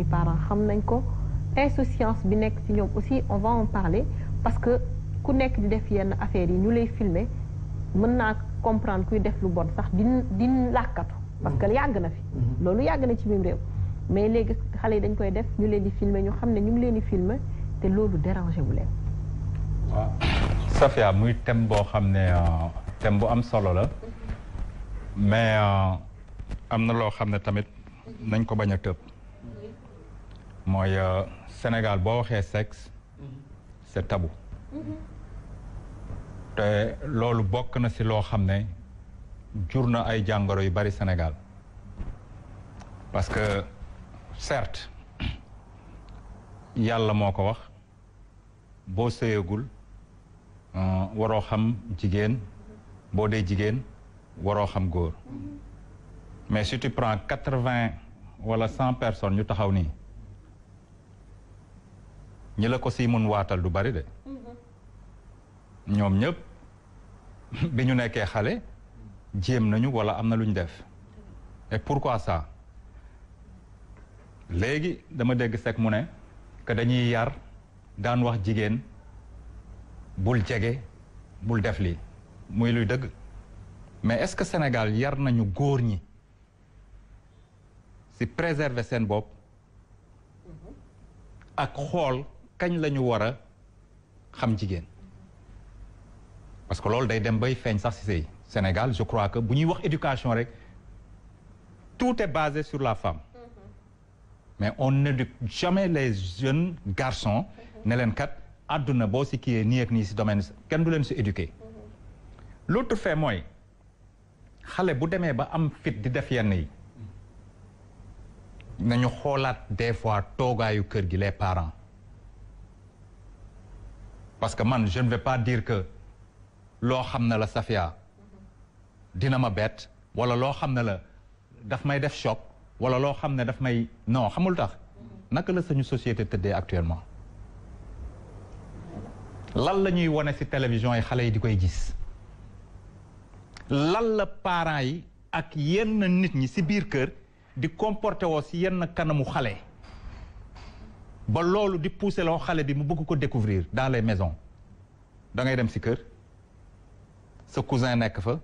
ñi xam nañ ko insouciance bi nekk ci ñoom aussi on va en parler parce que ku nekk di def yenn affaires yi ñu lay filmer mën naa comprendre kuy def lu bon sax di di làkkatu parce que mm-hmm. yàgg na fi mm-hmm. loolu yàgg na ci biir réew mais léegi xale yi dañ koy def ñu leen di filmer ñu xam ne ñu ngi leen di filmer te loolu dérangé wu leen waaw Safia muy thème boo xam ne euh, thème bu am solo la mm-hmm. mais euh, am na loo xam ne tamit nañ ko bañ a tëb mooy euh, Sénégal boo waxee sexe mm-hmm. c'est tabu mm-hmm. te loolu bokk na ci loo xam ne jur na ay jàngoro yu bari Sénégal parce que certes yàlla moo ko wax boo sëyagul euh, waroo xam jigéen boo dee jigéen waroo xam góor mm-hmm. mais si tu prends quatre-vingts wala cent personnes ñu taxaw nii ñi la ko si mun waatal du bari de ñoom ñëpp bi ñu nekkee xale jéem nañu wala am na lu ñu def pour pourquoi ça léegi dama dégg sek mu ne que dañuy yar daan wax jigéen bul jege bul def li muy luy dëgg mais est-ce que Sénégal yar nañu góor ñi si préserver seen bopp ak xool kañ la ñu war a xam jigéen parce que loolu day dem bay feeñ sax ci sëy Sénégal je crois que bu ñuy wax éducation rek tout est basé sur la femme mm-hmm. mais on n'éduque jamais les jeunes garçons mm-hmm. ne leen kat àdduna boo ci kiiyee nii ak nii ci domaine kenn du leen ci éduquer mm-hmm. l'autre fait mooy xale bu demee ba am fit di def yenn yi nañu xoolaat des fois toogaayu kër gi les parents parce que man je ne vais pas dire que loo xam ne la Safia dina ma bett wala loo xam ne la daf may def choc wala loo xam ne daf may non xamul tax naka la suñu société tëddee actuellement lan la ñuy wone ci télévision yi xale yi di koy gis lan la parents yi ak yenn nit ñi ci biir kër di comporté woo ci yenn kanamu xale ba loolu di pousser loo xale bi mu bëgg ko découvrir dans les maisons da ngay dem si kër sa cousin nekk fa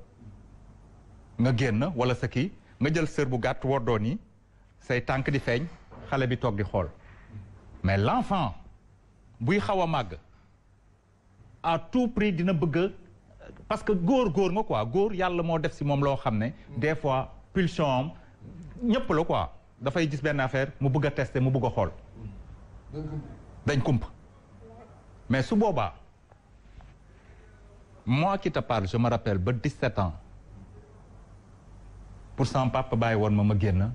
nga génn wala sa kii nga jël sër bu gàtt woddoon yi say tànk di feeñ xale bi toog di xool mais l'enfant buy xaw a màgg à tout prix dina bëgg parce que góor góor nga quoi góor yàlla moo def si moom loo xam ne des fois pulsion am ñëpp la quoi dafay gis benn affaire mu bëgg a tester mu bëgg a xool dañ kump mais su boobaa mois qui te parle je me rappelle ba 17 ans pour sama papa bàyyi woon ma ma génn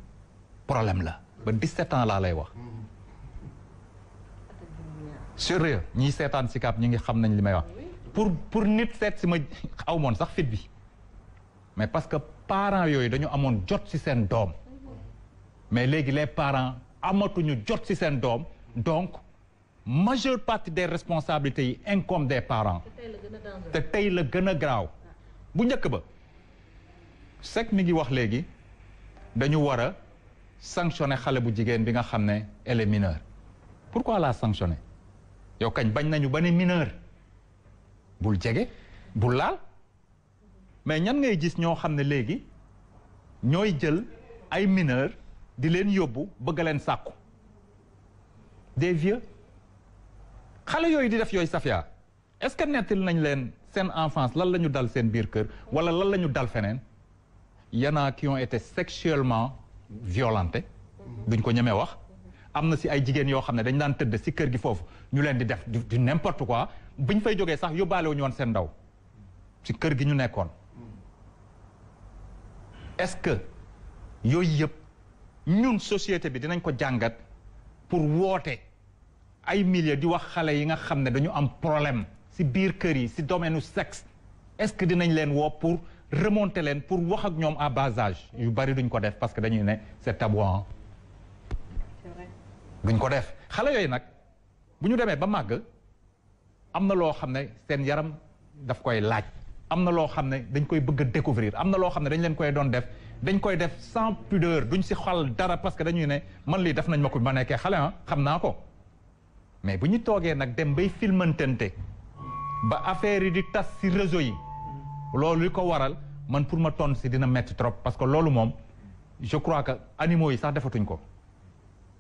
problème la ba 17 ans laa lay wax. sérieux ñiy seetaan si kaab ñi ngi xam nañ li may wax pour pour nit seet si ma aw moon sax fit bi mais parce que parents yooyu dañu amoon jot si seen doom mais léegi les parents amatuñu jot si seen doom. donc majeure partie des responsabilités yi incombe des parents te tey la gën a graaw bu njëkk ba sec mi ngi wax léegi dañu war a sanctionner xale bu jigéen bi nga xam ne elle est mineure pourquoi la sanctionner yow kañ bañ nañu ba ne mineur bul jege bul laal mais ñan ngay gis ñoo xam ne léegi ñooy jël ay mineur di leen yóbbu bëgg leen sàkku des vieux xale yooyu di def yooyu safia est-ce que nettali nañ leen seen enfance lan la ñu dal seen biir kër wala lan la ñu dal feneen y en a qui ont été sexuellement violentés duñ ko ñemee wax am na si ay jigéen yoo xam ne dañ daan tëdd si kër gi foofu ñu leen di def du n'importe quoi ñu fay jógee sax yóbbaale wu ñu woon seen ndaw si kër gi ñu nekkoon est-ce que yooyu yëpp ñun société bi dinañ ko jàngat pour woote ay milliers di wax xale yi nga xam ne dañu am problème si biir kër yi si domaine u sexe est-ce que dinañ leen woo pour remonter leen pour wax ak ñoom à bas yu bari duñ ko def parce que dañuy ne c'est tabou hein duñ ko def xale yooyu nag bu ñu demee ba màgg am na loo xam ne seen yaram daf koy laaj am na loo xam ne dañ koy bëgg a découvrir am na loo xam ne dañ leen koy doon def dañ koy def sans pudeur duñ si xal dara parce que dañuy ne man lii def nañ ma ko ma nekkee xale ah xam naa ko mais bu ñu toogee nag dem bay filmantente ba affaire yi di tas si réseau yi loolu li ko waral man pour ma ton si dina metti trop parce que loolu moom je crois que animaux yi sax defatuñ ko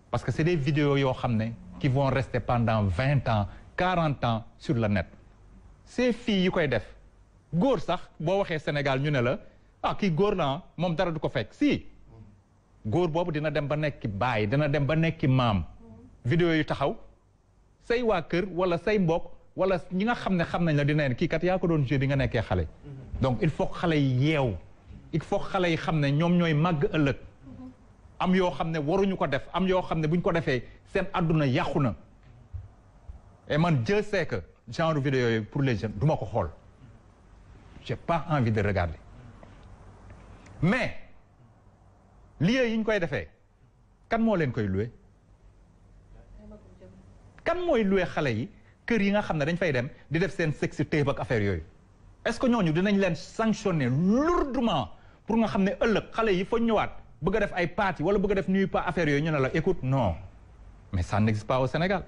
parce que c'est des vidéos yoo xam ne qui von rester pendant vingt ans quarante ans sur le net ces fii yi koy def góor sax boo waxee Sénégal ñu ne la ah kii góor naa moom dara du ko fekk si góor boobu dina dem ba nekki bàyyi dina dem ba nekki maam vidéo yu taxaw say waa kër wala say mbokk wala ñi nga xam ne xam nañ la dina leen kii kat yaa ko doon joué bi nga nekkee xale donc il faut xale yi yeew il faut xale yi xam ne ñoom ñooy màgg ëllëg am yoo xam ne waruñu ko def am yoo xam ne buñ ko defee seen àdduna yàqu na et man je sais genre vidéo yooyu pour les jeunes duma ko xool j'ai pas envie de regarder mais lieux yi ñu koy defee kan moo leen koy luwe kan mooy loué xale yi kër yi nga xam ne dañ fay dem di def seen sexe téeb ak affaire yooyu est-ce que ñooñu dinañ leen sanctionner lourdement pour nga xam ne ëllëg xale yi foo ñëwaat bëgg a def ay party wala bëgg a def nuyu pas affaire yooyu ñu ne la écoute non mais ça n'existe pas au Sénégal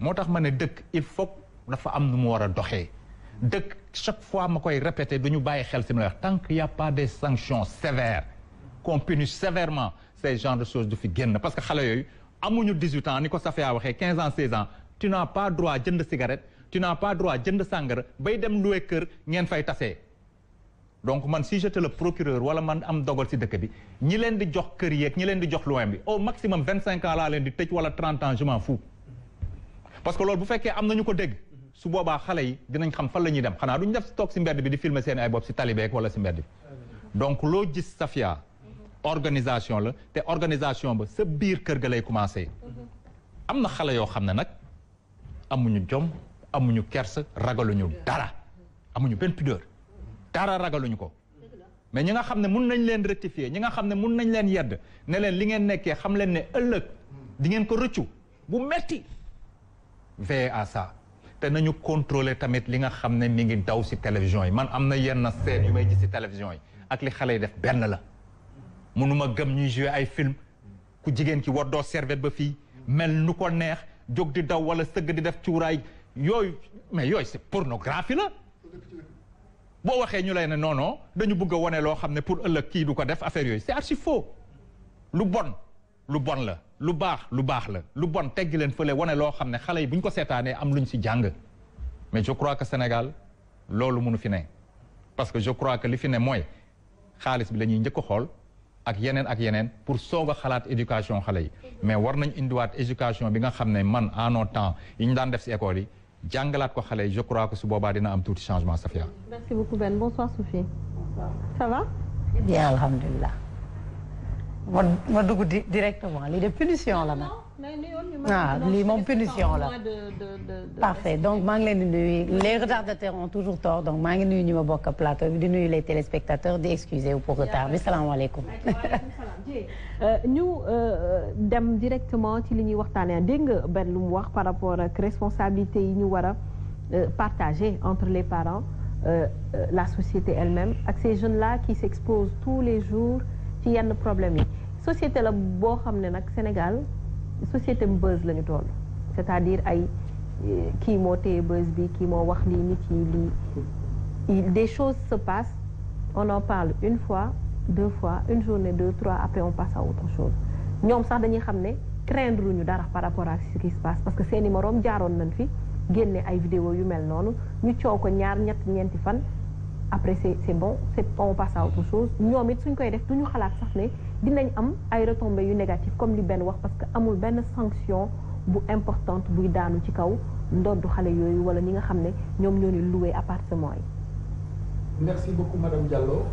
moo tax ma ne dëkk il faut dafa am nu mu war a doxee dëkk chaque fois ma koy répété du ñu bàyyi xel si ma wax tant qu'il y a pas des sanctions sévères qu'on punisse sévèrement ces genres de choses du fi génn parce que xale yooyu amuñu 18 ans ni ko Safia waxee 15 ans 16 ans tu n'as pas droit jënd cigarette tu n'as pas droit jënd sàngara bay dem luwe kër ngeen fay tasee donc man si j'étais le procureur wala man am dogal si dëkk bi ñi leen di jox kër yeeg ñi leen di jox loin bi au maximum 25 ans laa leen di tëj wala 30 ans je m'en fous parce que fekkee am na ñu ko dégg. su boobaa xale yi dinañ xam fan la ñuy dem xanaa duñ def toog si mbedd bi di filmer seen ay bopp si talibeek wala si mbedd donc loo gis Safia organisation la te organisation ba sa biir kër ga lay commencé am na xale yoo xam ne nag amuñu jom amuñu kersa ragaluñu dara amuñu benn pudeur dara ragaluñu ko mais ñi nga xam ne mun nañ leen rectifier ñi nga xam ne mun nañ leen yedd ne leen li ngeen nekkee xam leen ne ëllëg di ngeen ko rëccu bu metti veillez à ça te nañu contrôler tamit li nga xam ne mi ngi daw si télévision yi man am na yenn scène yu may gis si télévision yi ak li xale yi def benn la mënuma gëm ñuy jouer ay film ku jigéen ki war doo serviette ba fii mel nu ko neex jóg di daw wala sëgg di def cuuraay yooyu mais yooyu c'est pornographie la boo waxee ñu lay ne non dañu bëgg wane loo xam ne pour ëllëg kii du ko def affaire yooyu c'est archi faux lu bon lu bon la lu baax lu baax la lu bon tegg leen fële wane loo xam ne xale yi bu ñu ko seetaanee am luñ si jàng mais je crois que Sénégal loolu mënu fi ne parce que je crois que li fi ne mooy xaalis bi la ñuy njëkk a xool ak yeneen ak yeneen pour soog a xalaat éducation xale yi mais war nañ indiwaat éducation bi nga xam ne man en nos temps yi ñu daan def si école yi jàngalaat ko xale yi je crois que su boobaa dina am tuuti changement Safia. merci beaucoup Ben bonsoir Sophie. ma ma dugg di directement lii de punition la nag. lii ah, moom punition la. parfait donc maa ngi leen di nuyu les retardataires ont toujours tort donc maa ngi nuyu ñu ma bokk plateau bi di nuyu les téléspectateurs di excuser wu pour retard bi salaamaaleykum. Euh, ñu euh, dem directement ci li ñuy waxtaanee dégg nga benn lu mu wax par rapport a responsabilité yi ñu war a euh, partager entre les parents la société elle-même ak ces jeunes là qui s'exposent tous les jours ci yenn problème yi. société la boo xam ne nag Sénégal société buzz la ñu toll c'est-à-dire ay kii moo téye buzz bi kii moo wax lii nit yi lii des choses se passent on en parle une fois deux fois une journée deux trois après on passe autre chose ñoom sax dañuy xam ne craindre ñu dara par rapport a ce qui passe parce que seeni moroom jaaroon nañ fi génne ay vidéo yu mel noonu ñu coow ko ñaar ñett ñeenti fan après c'est c'est bon c'est on passe à autre chose ñoom it suñ koy def du ñu xalaat sax ne dinañ am ay retombées yu négatif comme li benn wax parce que amul benn sanction bu importante buy daanu ci kaw ndoddu xale yooyu wala ñi nga xam ne ñoom ñoo ni loué appartement yi. merci beaucoup madame Diallo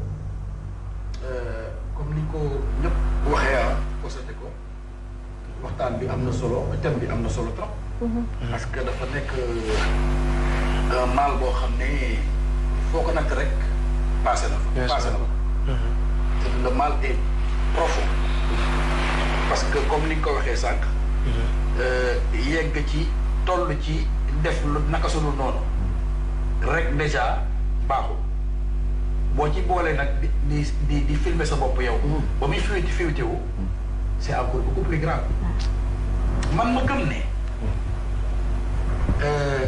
euh, comme ni ko ñëpp waxee ah ko waxtaan bi am na solo bi am na solo trop. Mhm. parce que dafa nekk euh, un mal boo xam ne foo ko natt rek passé na fa. passé na fa. te mhm. le mal est profond parce que comme ni nga ko waxee sànq. Mhm. Euh, yegg ci toll ci def naka sunu noonu rek déjà baaxul boo ci boolee nag di di di di filmer sa bopp yow. Mhm. ba muy fiwiti fiwiti wu. Mhm. c'est encore beaucoup plus grave. man ma gëm ne. Euh,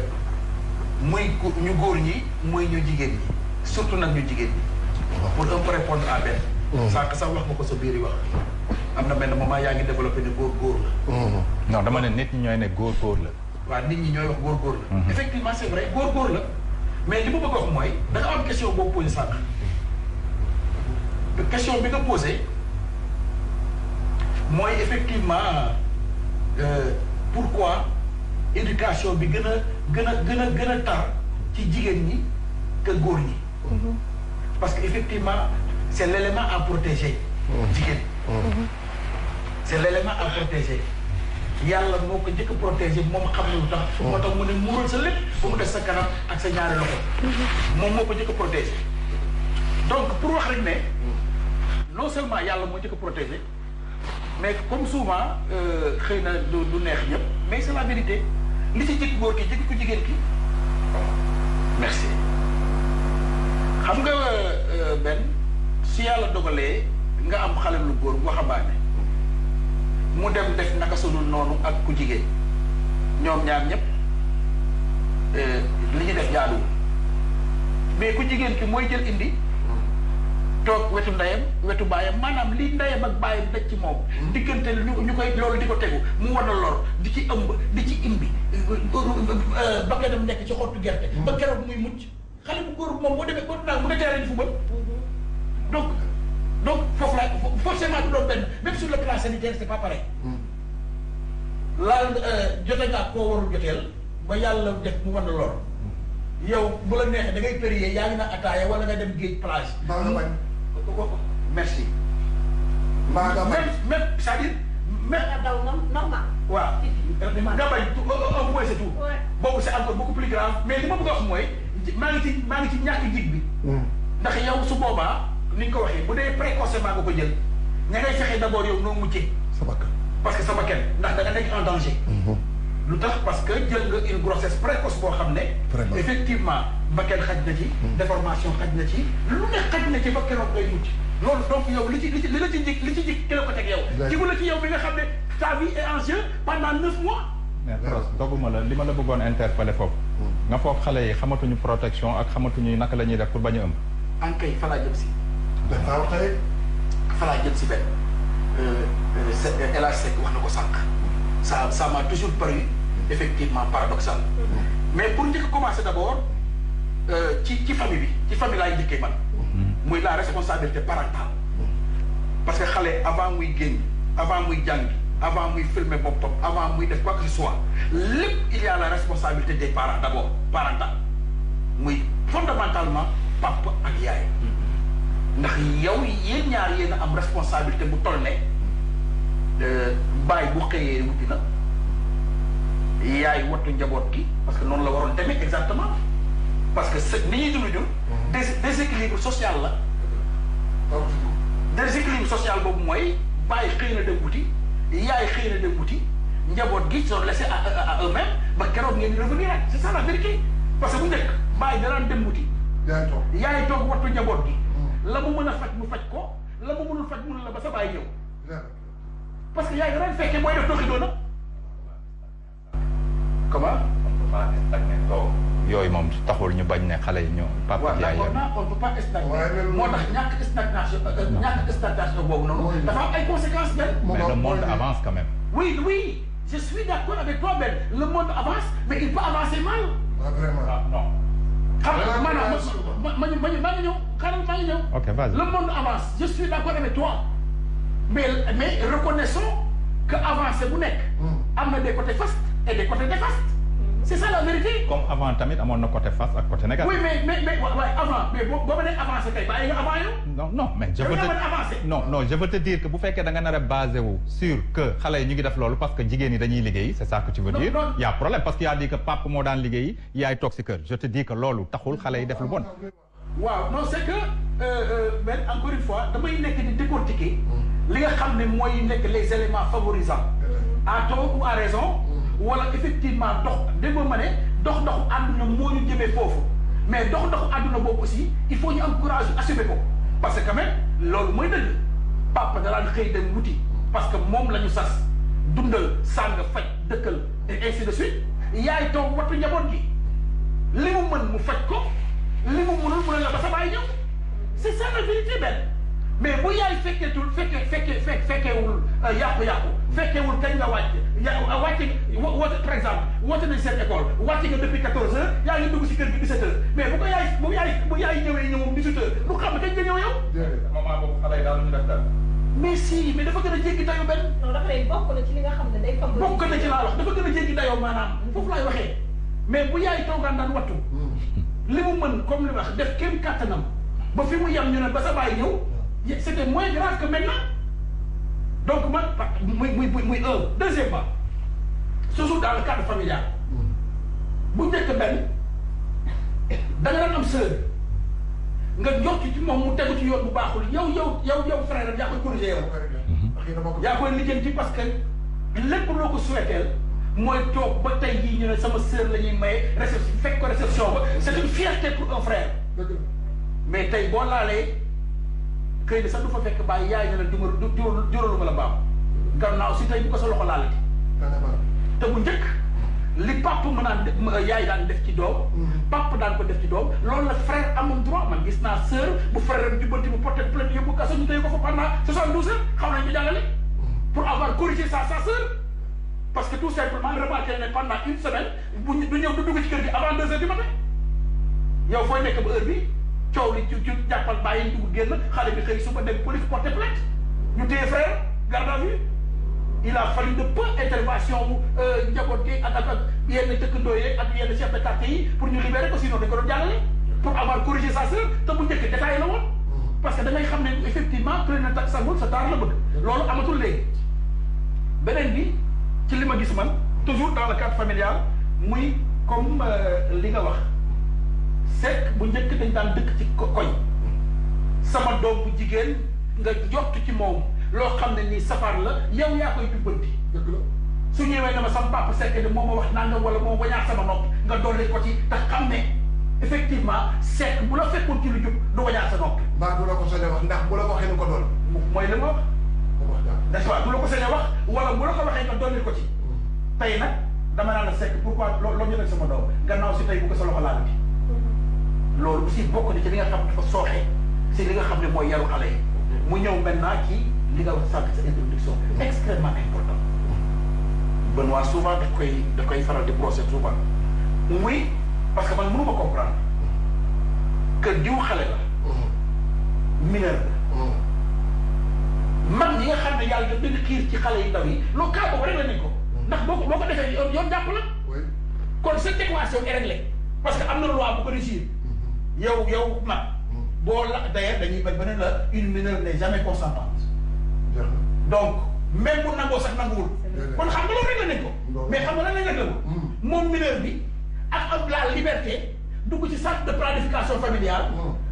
muy ñu góor ñi muy ñu jigéen ñi surtout nag ñu jigéen ñi. pour un peu répondre à benn. Mm-hmm. sànq sax wax nga ko sa biir wax am na benn moment yaa ngi développé ne góor góor la mm-hmm. non dama ne nit ñi ñooy ne góor góor la waaw nit ñi ñooy wax góor góor la mm-hmm. effectivement c'est vrai góor góor la mais li ma bëgg a wax mooy da nga am question boobu posé sànq question bi nga posé mooy effectivement euh, pourquoi éducation bi gën a gën a gën a gën a tar ci jigéen ñi que góor ñi parce que effectivement c' est l' élément à protéger. jigéen. c' est l' élément yàlla moo ko njëkk a protéger moom xam na lu tax. moo tax mu ne muural sa lépp ba mu des sa kanam ak sa ñaari loxo. moom moo ko njëkk a donc pour wax rek ne. non seulement yàlla moo njëkk a mais comme souvent euh, xëy na du lu neex yëpp mais c' est la li ci jëkk góor ki jëkk ku jigéen ki merci xam nga euh, benn. ci yàlla dogalee nga am xale lu góor waxambaane mu dem def naka sudul noonu ak ku jigéen ñoom ñaar ñëpp eh, li ñu def jaaduwul mais ku jigéen ki mooy jël indi toog wetu ndeyam wetu baayam maanaam li ndeyam ak baayam daj ci moom diggante ñu ñu koy loolu di ko tegu mu war a lor di ci ëmb di ci imbi ba nga dem nekk ci xottu gerte ba keroog muy mucc xale bu góor moom boo demee boo naa mën a jaaree di fubal donc donc foofu laay forcément du doon benn même sur le plan sanitaire c'est pas pareil. Hmm. laal euh, jote ngaa koo warul joteel ba yàlla def mu mën na lor. Hmm. yow bu la neexee da ngay périer yaa ngi na ataaya wala nga dem géej plage. mbaa nga bañ. Hmm. merci. mbaa nga bañ même même man à dire même. daw normal. waaw nga bañ au moins c'est tout. mais li ma mooy maa maa ngi ci ñàkk jig bi. ndax ni nga ko waxee bu dee précocement nga ko jël ña ngay fexe d' abord yow noo muccee. sa bakkan parce que sama bakkan ndax da nga nekk en danger. Mhm. lu tax parce que jël une grossesse précoce boo xam ne. effectivement bakkan xaj na ci. Mhm. déformation xaj na ci. lu ne xaj na ci ba keroog ngay mucc loolu donc yow li ci li ci li la ci njëkk li ci njëkk kilo ko teg yow. jiwu ci yow bi nga xam ne ta vie est en jeu pendant neuf mois. mais la li ma la bëggoon interpeller foofu. Mhm. nga foofu xale xamatuñu protection ak xamatuñu naka la ñuy def pour bañ a ëmb. en kay fa si. dafa wax rek fa si benn El Hadj wax na ko sànq ça ça m'a toujours paru effectivement paradoxal mais pour njëkk commencer d'abord euh, ci ci famille bi ci famille laay njëkkee man muy la responsabilité parentale parce que xale avant muy génn avant muy jàngi avant muy filmer boppam avant muy def quoi que ce soit lépp il y la responsabilité des parents d'abord parentale muy fondamentalement yéen ñaar yéen a am responsabilité bu toll ne euh, bàyyi bu xëyee wuti na yaay wattu njaboot gi parce que noonu la waroon demee exactement parce que se ni ñuy dund ñun. Mhm. déséquilibre social la. déséquilibre social boobu mooy bàyyi xëy na dem wuti yaay xëy na dem wuti njaboot gi sont laissés à eux-mêmes ba keroog ngeen di revenir c' est ça la vérité parce que bu njëkk bàyyi da daan dem wuti. a toog yaay toog wattu njaboot gi. Mhm. la mu mën a faj mu faj ko. la mu mënul faj mënul la ba sa bàyyi yow. parce que yaa ngi doon fekkee mooy def doxi doona comment. yooyu moom taxul ñu bañ ne xale yi ñoo. papa ak yaay on peut pas stagner moo tax ñàkk stagnation ñàkk stagnation boobu noonu. dafa am ay conséquences benn. mais le monde avance quand même. oui oui je suis d' accord avec toi Ben le monde avance mais il peut avancer mal. vraiment non. xam nga maanaam ma ma ma ñu ma ñu ñëw. xanaa maa ngi ñëw. ok vas-y le monde avance je suis d'accord avec toi mais mais reconnaissons que avancé bu nekk. Mm. am na des côtés fastes et des côtés néfastes. Mm. c' est ça la vérité. comme avant tamit amoon na côté face ak côté négatif. oui mais mais mais waaye avant mais boo boo mënee avancé kay bàyyi nga avant yow. non non mais je veux te non non je veux te dire que bu fekkee da nga nar a basé wu sur que xale yi ñu ngi def loolu parce que jigéen ñi dañuy liggéey c' est ça que tu veux dire. non non y' a problème parce que y' a dit que papa moo daan liggéey yaay toog si kër je te dis que loolu taxul xale yi def lu bon. waaw non c'est que euh, euh, mais encore une fois damay nekk di décortiquer. Mm. li nga xam ne mooy nekk les éléments favorisants. Mm. à tort a raison. Mm. wala effectivement dox déggoo ma ne dox doxu àdduna moo ñu jëmee foofu mais dox doxu àdduna boobu aussi il faut ñu am courage assumer ko parce que quand loolu mooy dëgg papa da daan xëy dem wuti parce que moom la ñu sas dundal sàng faj dëkkal et ainsi de suite yaay toog wattu njaboot gi li mu mën mu faj ko. li mu munul munal la ba sa bàyyi ñëw c'est ça la vérité benn mais bu yaay fekkeetul fekke fekke fekk fekkeewul euh, yàqu-yàqu fekkeewul kañ nga wàcc ya euh, wàcce nga woote par exemple woote nañ seen nga depuis quatorze heures yaa ngi si kër gi dix-sept heures bu ko yaay bu yaay bu yaay ñëwee ñëw moom dix-huit heures lu xam kañ nga ñëw yow maman boobu xale yi daal ñu def daal mais si mais dafa gën a jéggi dayoo benn dafa lay bokk na ci li nga xam ne day laay waxee mais bu yaay toogaan daan wattu li mu mën comme li wax def kenn kàttanam ba fi mu yem ñu ne ba sa bàyyi ñëw c' était moins grave que maintenant donc man muy muy muy un deuxièmement toujours dans le cadre familial bu njëkk benn da nga daan am nga jox ci moom mu tegu ci yoon bu baaxul yow yow yaw yow frère yaa koy corrigé yow mm-hmm. yaa koy lijjanti parce que lépp loo ko souhaiteel mooy toog ba tey jii ñu ne sama sœur la ñuy maye récep fekk ko réception ba c'est une fierté pour un frère mais tey boo laalee xëy na sax du fa fekk bàyyi yaay ne la du ma du juralu ma la baam gannaaw si tey ko sa loxo laalati te bu njëkk li pàpp mën naan yaay daan def ci doom mm-hmm. pàpp daan ko def ci doom loolu la frère amul droit man gis naa sœur bu frère am jubbanti bu porté plainte yóbbu kaso ñu tey ko fa pendant soixante douze heures xaw nañ ñu jàllale mm-hmm. pour avoir corrigé sa sa sœur parce que tout simplement remarqué ne pendant une semaine bu du ñëw du dugg ci kër gi avant deux heures du matin yow fooy nekk ba heure bi coow li ci ci jàppal bàyyi dugg génn xale bi xëy suba dem police porté plainte ñu téye frère garde à vue il a fallu de peu intervention bu euh, njaboot gi ak ak ak yenn dëkkandoo yeeg ak yenn chef de quartier yi pour ñu libérer ko sinon dañ ko doon jàllale pour avoir corrigé sa sœur te njëkk détaillé la woon xam ne effectivement prenant ak sangul sa daar la bëgg loolu amatul léegi bi ci li ma gis man toujours dans le cadre familial muy comme euh, li nga wax sekk bu njëkk dañ daan dëkk ci koñ sama doom bu jigéen nga jottu ci moom loo xam ne nii safar la yow yaa koy jubbanti dëgg la su ñëwee na ma sama papa sekk de moo ma wax nangam wala moo wañaat sama nopp nga dolli ko ci tax xam ne effectivement sekk bu la fekkoon ci lu jub du wañaar sa nopp mbaa du la ko soñe wax ndax bu la waxee nu ko doon mooy li ma n'est-ce pas du la ko sañ a wax wala bu la ko waxee ko ci tey nag dama naan la sekk pourquoi loo loo ñëwee sama doom si tey bu ko sa loxo laal bi mm-hmm. loolu aussi bokk na ci li nga xam dafa sooxe si li nga xam ne mooy yaru xale yi mu ñëw maintenant ci li nga wax sànq sa introduction extrêmement important Benoît souvent daf koy daf koy faral di procès souvent oui parce que man mënu ma comprendre que diw xale la mm-hmm. mineur mag yi nga xam ne yàlla daf leen xiir ci xale yu ndaw yi loolu ko boobu réglé nañ ko ndax boo ko boo ko defee yoon yoon jàpp parce que am na loi bu ko mm-hmm. yow yow mag mm-hmm. boo la d'ailleurs dañuy bañ ba ne la une mineure n'est jamais donc même bu nangoo sax nanguwul kon xam nga loolu réglé nañ ko mais xam nga lan lañ réglé ko mm-hmm. moom mineur bi ak am la liberté dugg ci centre de planification familiale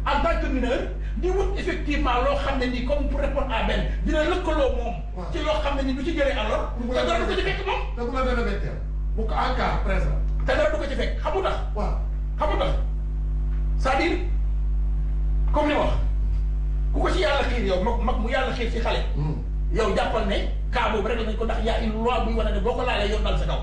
en tant que di wut effectivement loo xam ne nii comme pour répondre à benn dina lëkkaloo moom. ci loo xam ne ni du ci jëlee alors. lu ko la ko ci fekk moom. da ko ko ci fekk xamu tax. waaw xamu tax c'est-à-dire comme ni ku ko ci yàlla xiir yow mag mag mu yàlla xiir ci xale. Hmm. yow jàppal ne cas boobu rek ko ndax yaa une loi buy wane ne boo ko laalee yoon dal sa kaw.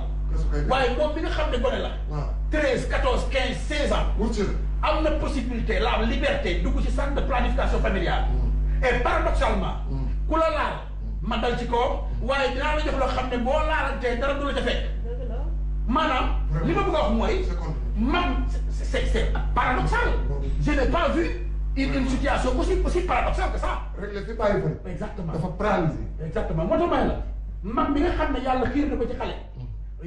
waaye moom bi nga xam ne gone la. waaw treize quatorze quinze am na possibilité la liberté dugg ci san de planification familiale. Mm. et paradoxalement mm. ku la laal mm. ma dal ci kawam. waaye dinaa la jox loo xam ne boo laalantee dara du la ca fekk. li ma bëgg a wax mooy. man c' est c' est paradoxal. je n'ai pas vu une une situation aussi aussi paradoxale que ça. rek la fi bàyyi fa. exactement mi nga xam ne yàlla xiir na ko ci xale.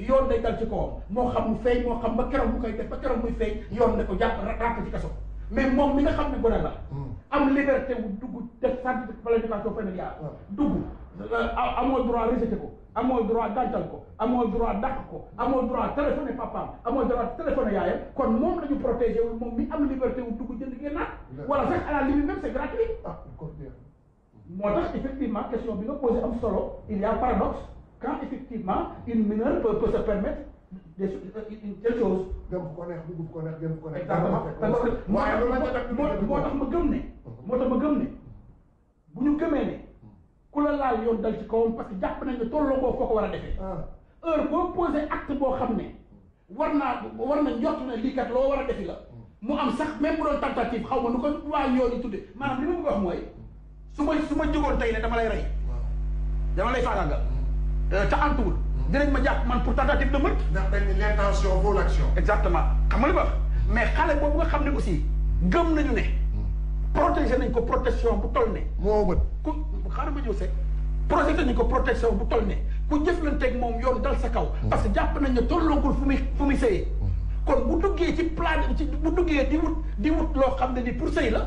yoon day dal ci kawam moo xam mu feeñ moo xam ba keroog mu koy def ba keroog muy feeñ yoon ne ko jàpp ràpp ci kaso mais moom mi nga xam ne gone la hmm. am liberté wu dugg def centre de planification familiale dugg euh, amoo droit rejeté ko amoo droit gàntal ko amoo droit dàq ko amoo droit téléphoné papaam amoo droit téléphoné yaayam kon moom la ñu protégé wu moom mi am liberté wu dugg jënd ngeen naan hmm. wala sax à la limite même c'est gratuit ah, moo tax effectivement question bi nga solo il y a paradoxe quand effectivement une mineure peut, peut se permettre des euh, une telle ko neex dugg moo tax moo tax ma gëm ne. Mhm. moo tax ma gëm ne bu ñu gëmee ne ku la laal yoon dal ci kawam parce que jàpp nañ ne tolloo koo foo ko war a defee. Ah. heure boo posé acte boo xam ne war naa war na njort ne lii kat loo war a defi la. Mhm. mu am sax même bu doon tentative xaw ma nu ko waa yoon yi tuddee maanaam li ma bëgg wax mooy su ma su ma jógoon tey ne dama lay rey. dama lay faagaagal. Euh, te antuwul. Mm-hmm. dinañ ma jàpp man pour tentative de meurtre. ndax dañ l'intention vaut l'action. exactement xam ma la ma wax mm-hmm. mais xale bu nga xam ne aussi gëm nañu ne. Mm-hmm. protéger nañ ko protection bu toll ne. moo wër ku xaaral ma ñëw seet. protéger nañ ko protection bu toll ne ku jëflanteeg moom yoon dal sa kaw. parce que jàpp nañ ne tolloogul fu muy fu muy sëyee. kon bu duggee ci plan ci bu duggee di wut di wut loo xam ne ni pour sëy la.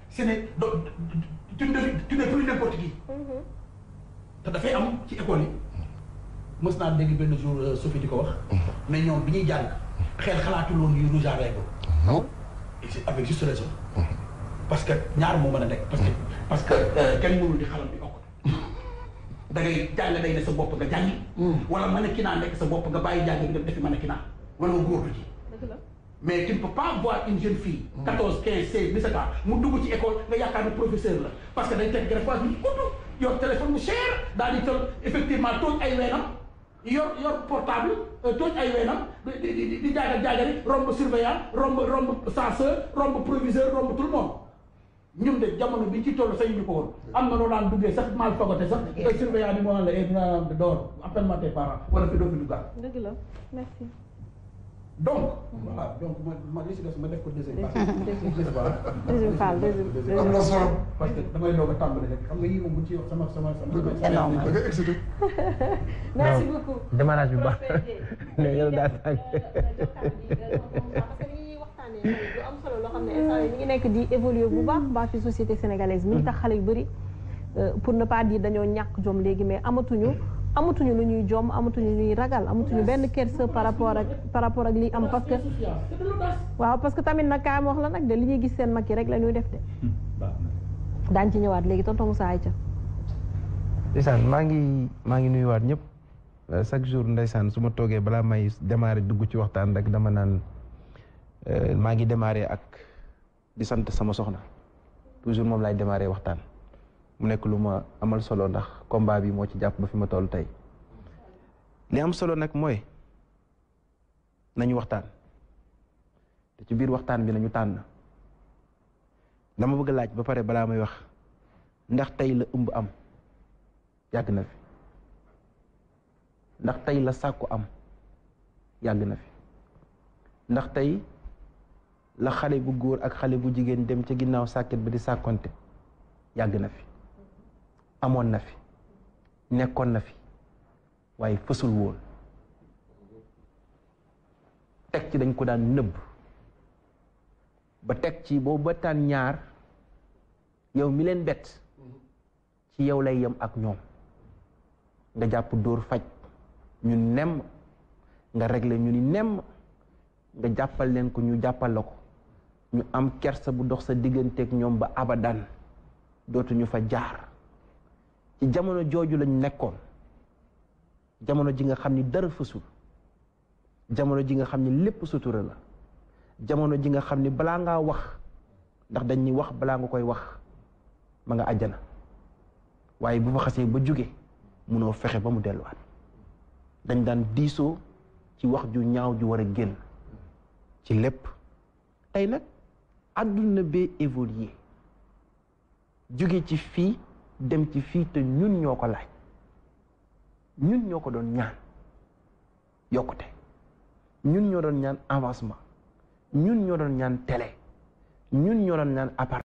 ce n'est tu ne tu n'es plus n'importe qui. Mm-hmm. te dafay am ci école yi. mës naa dégg benn jour euh, Sophie di ko wax. Mm-hmm. mais ñoom bi ñuy jàng. xel xalaatul woon yu rouge à lèvres. et c'est avec juste mm-hmm. parce que ñaar moo mën a nekk. parce que parce que euh, kenn mënul di xalam bi okk. da ngay jàng day ne sa bopp nga jàngi. wala mën a kinaa nekk sa bopp nga bàyyi jàng bi dem defi mën a kinaa wala nga góorlu ji. mais tu ne peux pas voir une jeune fille. 14 mm. 15 mu dugg ci école nga yaakaar ne professeur la parce que dañ teg greffage bi gudd yor téléphone bu cher daal di tol effectivement tooj ay weenam yor yor portable euh, tooj ay weenam di di di jaagal jaagari romb surveillant romb romb censeur romb proviseur romb tout ñun de jamono bi ci toll sañu ñu ko woon. am nga loo daan duggee sax mal fagote sax. Euh, surveillant bi moo la eh dinaa door appelle ma tes donc. Mm. voilà donc ma li si des ma def ko deuxième phase. deuxième am na solo parce que damay doog a tàmbali rek xam nga yii moom bu ci wax sama sama sama. da nga excité. merci beaucoup. démarrage bu baax mais yow daa tàng. Euh, euh, lu am solo loo xam ne instant ñu ngi nekk di évoluer bu baax baax ci société sénégalaise. mi ngi mm. tax xale yu bëri euh, pour ne pas dire dañoo ñàkk jom léegi mais amatuñu. amatuñu lu ñuy jom amatuñu lu ñuy ragal amatuñu benn kersa par rapport ak par rapport ak lii am parce waaw parce que tamit nag kaam wax la nag de li ñuy gis seen mag yi rek la ñuy def de daan ci ñëwaat léegi tonton Moussa a ndeysaan maa ngi maa ngi nuyuwaat ñëpp euh, chaque jour ndeysaan su ma toogee balaa may démarrer dugg ci waxtaan rek dama naan euh, maa ngi démarrer ak di sant sama soxna toujours moom laay démarrer waxtaan mu nekk lu ma amal solo ndax combat bi moo ci jàpp ba fi ma tollu tey li am solo nag mooy nañu waxtaan te ci biir waxtaan bi nañu tànn dama bëgg laaj ba pare balaa may wax ndax tey la ëmb am yàgg na fi ndax tey la sàkku am yàgg na fi ndax tey la xale bu góor ak xale bu jigéen dem ca ginnaaw sàkket bi di sàkkonte yàgg na fi amoon na fi nekkoon na fi waaye fësul woon teg ci dañ ko daan nëbb ba teg ci boo bëttaan ñaar yow mi leen bett ci yow lay yem ak ñoom nga jàpp dóor faj ñu nem nga regle ñu ni nem nga jàppal leen ko ñu jàppal la ko ñu am kersa bu ndox sa diggante ak ñoom ba abadan dootuñu fa jaar ci jamono jooju lañ nekkoon jamono ji nga xam ni dara fësul jamono ji nga xam ni lépp sutura la jamono ji nga xam ni balaa ngaa wax ndax dañ wax balaa nga koy wax ma nga ajana waaye bu fa xasee ba jóge munoo fexe ba mu delluwaat dañ daan diisoo ci wax ju ñaaw ju war a génn ci lépp tey nag àdduna bee évolué jóge ci fii dem ci fii te ñun ñoo ko laaj ñun ñoo ko doon ñaan yokkute ñun ñoo doon ñaan avancement ñun ñoo doon ñaan tele ñun ñoo doon ñaan appart